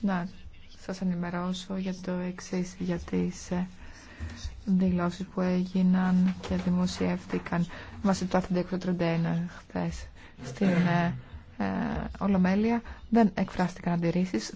να σας ενημερώσω για το εξή, για τις ε, δηλώσεις που έγιναν και δημοσιεύτηκαν βάσει το άρθρου 231 χθες στην ε, ε, Ολομέλεια. Δεν εκφράστηκαν αντιρρήσεις.